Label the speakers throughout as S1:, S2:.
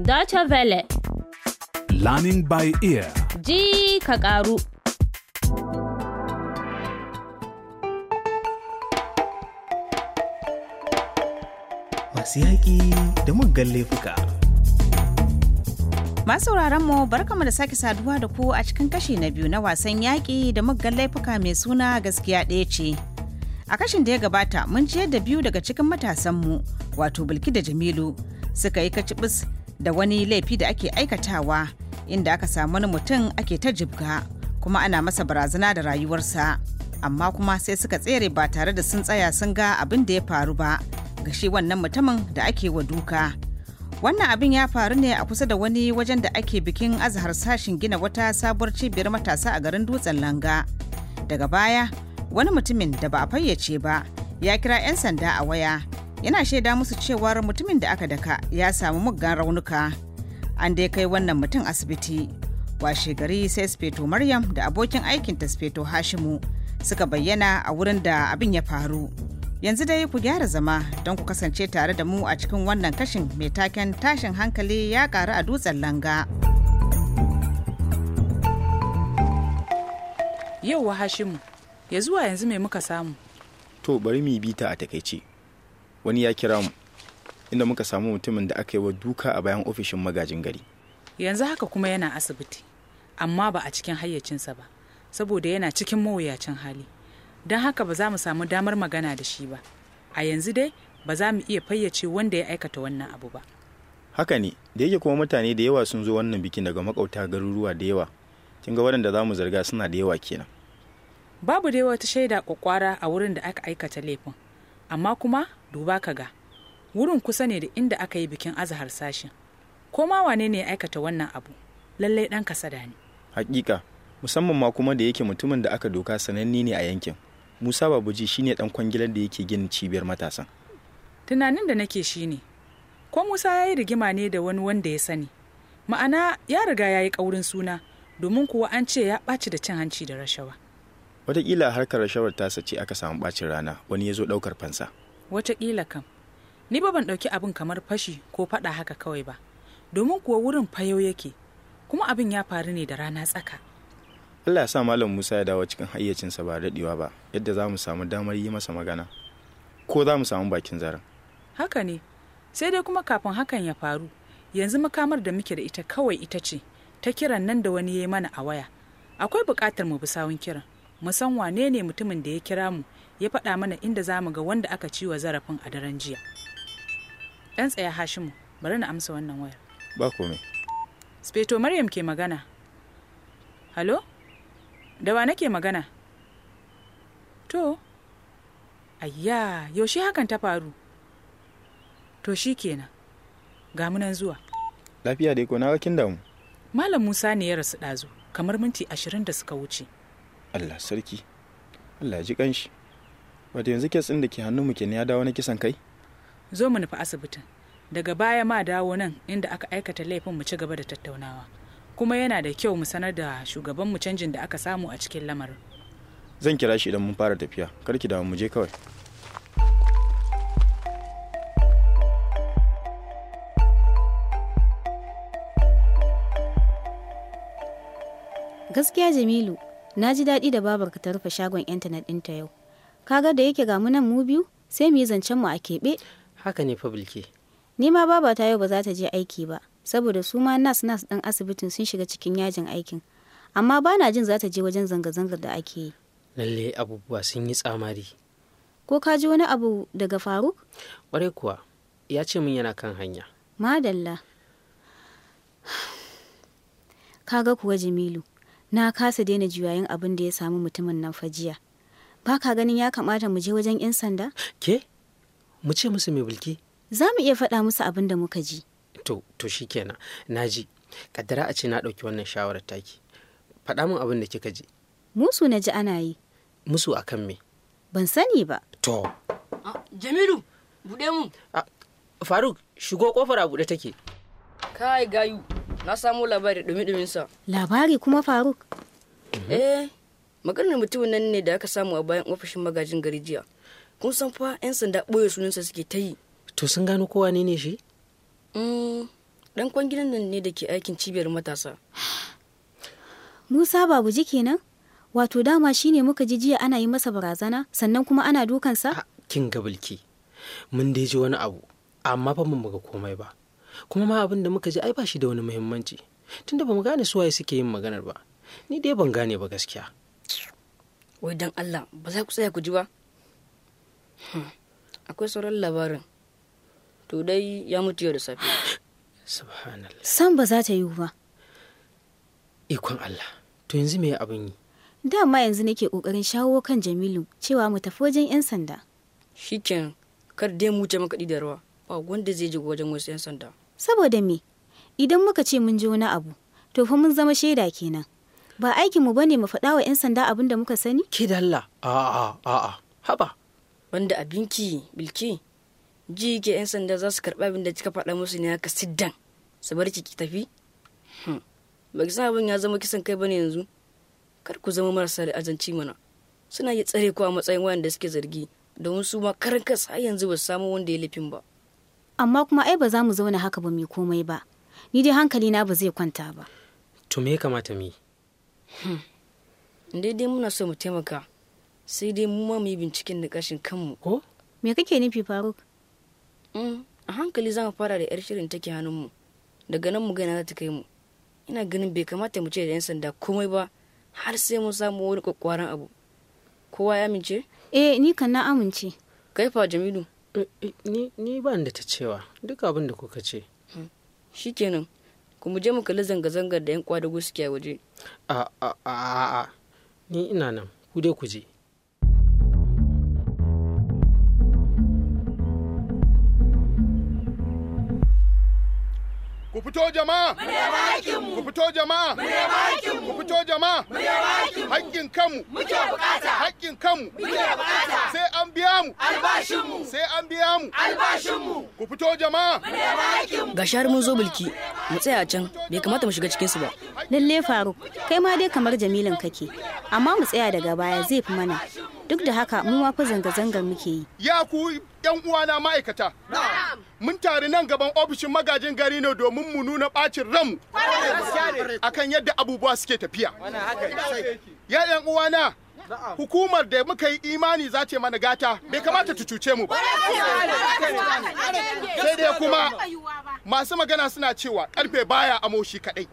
S1: Deutsche Welle.
S2: Learning by ear.
S1: Ji ka karu.
S3: Masu yaƙi da muggan laifuka.
S4: Masu mu barkamu da sake saduwa da ku a cikin kashi na biyu na wasan yaƙi da muggan laifuka mai suna gaskiya ɗaya ce. A kashin da ya gabata mun ciyar da biyu daga cikin matasanmu wato Bilki da Jamilu suka yi kacibis da wani laifi da ake aikatawa inda aka samu wani mutum ake ta jibga kuma ana masa barazana da rayuwarsa amma kuma sai suka tsere ba tare da sun tsaya sun ga abin da ya faru ba ga shi wannan mutumin da ake wa duka wannan abin ya faru ne a kusa da wani wajen da ake bikin azahar sashin gina wata sabuwar cibiyar matasa a garin dutsen langa daga baya wani mutumin da ba a fayyace ba ya kira 'yan sanda a waya yana shaida musu cewar mutumin da aka daka ya samu muggan raunuka an dai kai wannan mutum asibiti washe gari sai speto maryam da abokin aikinta speto hashimu suka bayyana a wurin da abin ya faru yanzu dai ku gyara zama don ku kasance tare da mu a cikin wannan kashin mai taken tashin hankali ya karu a dutsen langa
S5: yau wa hashimu ya zuwa yanzu mai muka samu
S3: to bari mu bi ta a takaice wani ya kira mu inda muka samu mutumin da aka yi wa duka a bayan ofishin magajin gari
S5: yanzu haka kuma yana asibiti amma ba a cikin hayyacinsa ba saboda yana cikin mawuyacin hali don haka ba za mu samu damar magana da shi ba a yanzu dai ba za mu iya fayyace wanda ya aikata wannan abu
S3: ba haka ne da yake kuma mutane da yawa sun zo wannan bikin daga makauta garuruwa da yawa kin ga waɗanda za mu zarga suna da yawa kenan
S5: babu da yawa ta shaida kwakwara a wurin da aka aikata laifin amma kuma duba ka ga wurin kusa ne da inda aka yi bikin azahar sashin ko ma wane ne ya aikata wannan abu lallai ɗan kasada ne
S3: hakika musamman ma kuma da yake mutumin da aka doka sananne ne a yankin musa babuji shine dan kwangilar da yake gina cibiyar matasan
S5: tunanin da nake shine ko musa ya yi rigima ne da wani wanda ya sani ma'ana ya riga ya yi ƙaurin suna domin kuwa an ce ya ɓaci da cin hanci da rashawa
S3: wataƙila harkar rashawar tasa ce aka samu ɓacin rana wani ya zo ɗaukar fansa
S5: wataƙila kam ni ba ban ɗauki abin kamar fashi ko faɗa haka kawai ba domin kuwa wurin fayo yake kuma abin ya faru ne da rana tsaka
S3: allah ya sa malam musa ya dawo cikin hayyacinsa ba daɗewa ba yadda za mu samu damar yi masa magana ko za mu samu bakin zaren
S5: haka ne sai dai kuma kafin hakan ya faru yanzu makamar da muke da ita kawai ita ce ta kiran nan da wani ya yi mana a waya akwai bukatar mu bi sawun kiran mu san wane ne mutumin da ya kira mu ya faɗa mana inda za mu ga wanda aka ciwa zarafin a daren jiya ɗan tsaya hashimu bari na amsa wannan wayar ba komai speto maryam ke magana halo da wa nake magana to ayya yaushe hakan ta faru to shi kenan ga munan zuwa
S3: lafiya dai ko na kin damu
S5: malam musa ne ya rasu ɗazu kamar
S3: minti ashirin da suka wuce allah sarki allah ji ƙanshi. Wata yanzu kes ɗin da ke hannu mu kenan ya dawo na kisan kai?
S5: Zo mu nufi asibitin. Daga baya ma dawo nan inda aka aikata laifin mu ci gaba da tattaunawa. Kuma yana da kyau mu sanar da shugaban mu canjin da aka samu a cikin lamarin.
S3: Zan kira shi idan mun fara tafiya. Kar ki damu mu je kawai.
S1: Gaskiya Jamilu, na ji daɗi da babarka ta rufe shagon intanet ɗinta yau. kaga da yake gamu nan mu biyu sai mu yi zancen mu a keɓe haka
S6: ne fabilke
S1: ni ma baba ta yau ba za ta je aiki ba saboda su ma nas nas ɗin asibitin sun shiga cikin yajin aikin amma ba na jin za ta je wajen zanga-zangar da ake yi
S6: lalle abubuwa sun yi tsamari
S1: ko ka ji wani abu daga faruk
S6: ƙwarai kuwa ya ce min yana kan hanya
S1: madalla kaga kuwa Jamilu na kasa daina juyayin abin da ya samu mutumin nan fajiya baka ganin ya kamata mu je wajen 'yan sanda?
S6: Ke? Mu ce musu mai bulki?
S1: Za mu iya faɗa musu abin da muka
S6: ji. To, to shi kenan, na ji. Kaddara a ce na ɗauki wannan shawarar taki. Faɗa min abin da kika ji. Musu na ji ana yi. Musu a kan me? Ban sani ba. To. Ah, Jamilu, buɗe mu. Ah, Faruk, shigo ƙofar a buɗe take.
S7: Kai gayu, na samo labari ɗumi-ɗuminsa.
S1: Labari kuma Faruk?
S7: Eh, maganar mutum nan ne da aka samu a bayan ofishin magajin gari jiya kun san fa 'yan sanda ɓoye sunansa suke ta yi to sun gano kowa ne ne shi dan mm, gidan nan ne da ke aikin cibiyar matasa
S1: musa babu ji kenan wato dama shine muka ji jiya ana yi masa barazana sannan kuma ana dukansa
S6: kin gabilki mun dai ji wani abu amma fa mun komai ba kuma ma abin da muka ji ai ba shi da wani muhimmanci tunda ba mu gane su waye suke yin maganar ba ni dai ban gane ba gaskiya
S7: wai don allah ba za ku tsaya ku ji ba hmm, akwai sauran labarin to dai ya mutu yau da safe
S1: san ba za ta yi ba
S6: ikon allah to yanzu me abin yi
S1: dama yanzu nake kokarin shawo kan jamilu cewa mu tafi wajen yan sanda
S7: shiken kar dai mu maka makaɗi da rawa ba wanda zai je wajen wasu yan
S1: sanda saboda me idan muka ce mun ji wani abu to fa mun zama shaida kenan Ba aikin mu bane mu faɗa wa 'yan sanda abin da muka sani? Ki dalla.
S6: A'a, a'a, haba.
S1: wanda abinki, bilki. Ji ke 'yan sanda za su karɓi abin da kika faɗa musu
S7: ne haka siddan. Su bar ki tafi. Hmm. Ba ki san abin ya zama kisan kai bane yanzu. Kar ku zama marasa da azanci mana. Suna yi tsare ku a matsayin da suke zargi. Domin su ma karan yanzu ba su samu wanda ya laifin ba.
S1: Amma kuma ai ba za mu zauna haka ba mai komai ba. Ni dai hankali na ba zai kwanta ba.
S6: To me ya kamata mu yi? Hmm.
S1: dai dai muna so mu taimaka sai dai mu ma mu yi binciken da
S7: kashin kanmu ko me kake nufi faruk hmm, a hankali za mu fara da yar shirin take hannunmu daga nan mu gana za ta kai mu ina ganin bai kamata mu ce da yan sanda komai ba har sai mun samu wani kwakwaran abu kowa ya amince eh ni kan na amince kai fa jamilu eh, eh, ni ba da ta cewa duk
S6: abin da kuka ce
S7: hmm, shikenan mu je mu kalli zanga-zangar da yan kwadago suke waje
S2: A'a,
S6: ni ina nan, ku dai ku je.
S2: Ku fito jama'a! Mu Ku fito jama'a! Mu Ku fito jama'a! Hakkin kanmu! Muke bukata! Hakkin kanmu! Muke bukata! Sai an biya mu! Albashinmu! Sai an biya mu! Albashinmu! Ku fito jama'a! Mu nemi
S1: Gashar mun zo bulki. mu tsaya can bai kamata mu shiga su ba
S2: lalle faruk kai
S1: ma dai kamar jamilin kake amma mu tsaya daga baya zai fi mana duk da haka mu zanga-zangar muke yi
S2: ya ku yan uwana ma'aikata mun tare nan gaban ofishin magajin gari ne domin mu nuna bacin ranmu akan yadda abubuwa suke tafiya ya yan uwana hukumar da muka yi imani za ce mana gata bai kamata ta cuce mu ba
S6: sai dai kuma
S2: masu magana suna cewa karfe baya amo shi kadai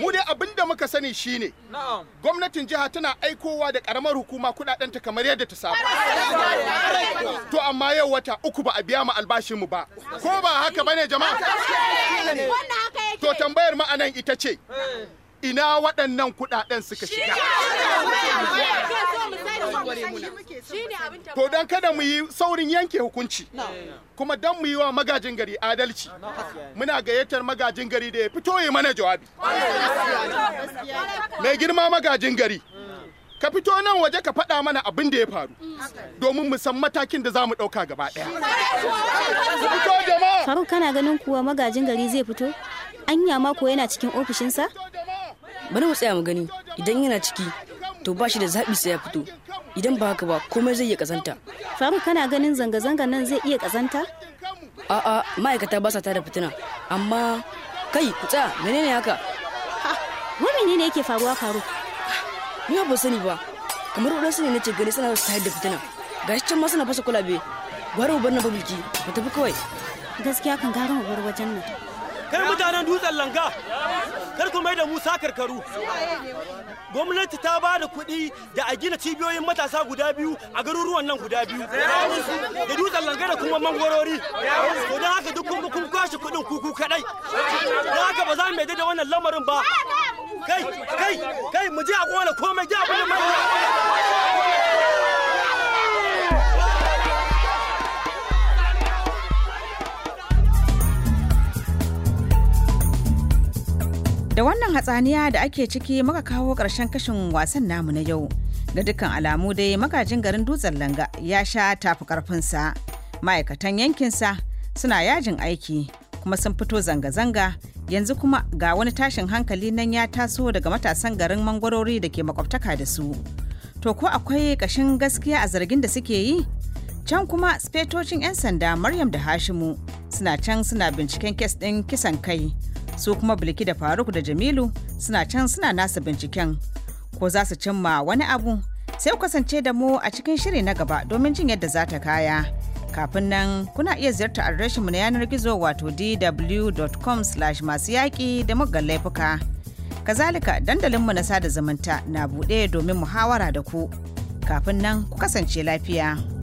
S2: mu dai abin da muka sani shine gwamnatin jiha tana aikowa da karamar hukuma kudaden ta kamar yadda ta saba to amma yau wata uku ba a biya mu albashin mu ba ko ba haka bane jama'a to tambayar ma'anan ita ce eh. ina waɗannan kuɗaɗen suka shiga. To don kada mu yi saurin yanke hukunci, kuma don mu yi wa magajin gari adalci, muna gayyatar magajin gari da ya fito yi mana jawabi. Mai girma magajin gari, ka fito nan waje ka faɗa mana abin da ya faru, mm. domin mu san matakin da za mu ɗauka gaba ɗaya. Faru
S1: kana ganin kuwa magajin gari zai fito? Anya mako yana cikin ofishinsa?
S7: bari mu tsaya mu gani idan yana ciki to ba shi da zaɓi sai ya fito idan ba haka ba komai zai iya kazanta faru kana ganin zanga-zanga nan zai iya kazanta a'a ma'aikata ba sa tada fitina amma kai ku tsaya menene haka wani ne ne yake faruwa faru ni ba sani ba kamar wadansu ne nace gani suna tayar da fitina shi can ma suna fasa kulabe mu bar na babilki ba tafi kawai gaskiya kan
S2: gara wajen nan kai mutanen dutsen langa kar ku mai da musa karkaru gwamnati ta ba da kuɗi da a gina cibiyoyin matasa guda biyu a garuruwan nan guda biyu da dutsen langa da kuma mangwarori to don haka duk kun kun kwashe kuɗin kuku kadai don haka ba za mu yadda da wannan lamarin ba kai kai kai mu je a kona komai je a da mai
S4: Da wannan hatsaniya da ake ciki muka kawo ƙarshen kashin wasan namu na yau. Ga dukkan alamu dai magajin garin dutsen langa ya sha tafi karfinsa Ma'aikatan yankinsa suna yajin aiki kuma sun fito zanga-zanga yanzu kuma ga wani tashin hankali nan ya taso daga matasan garin mangwarori da ke makwabtaka da su. To ko akwai ƙashin gaskiya a zargin da suke yi? Can kuma spetocin 'yan sanda Maryam da Hashimu suna can suna binciken kes ɗin kisan kai. su kuma bilki da faruk da jamilu suna can suna nasa binciken ko za su cimma wani abu sai ku kasance da mu a cikin shiri na gaba domin jin yadda za ta kaya kafin nan kuna iya ziyartar mu na yanar gizo wato dw.com masu yaƙi da muggan laifuka kazalika dandalinmu na sada zumunta na buɗe domin muhawara da ku kafin nan ku kasance lafiya.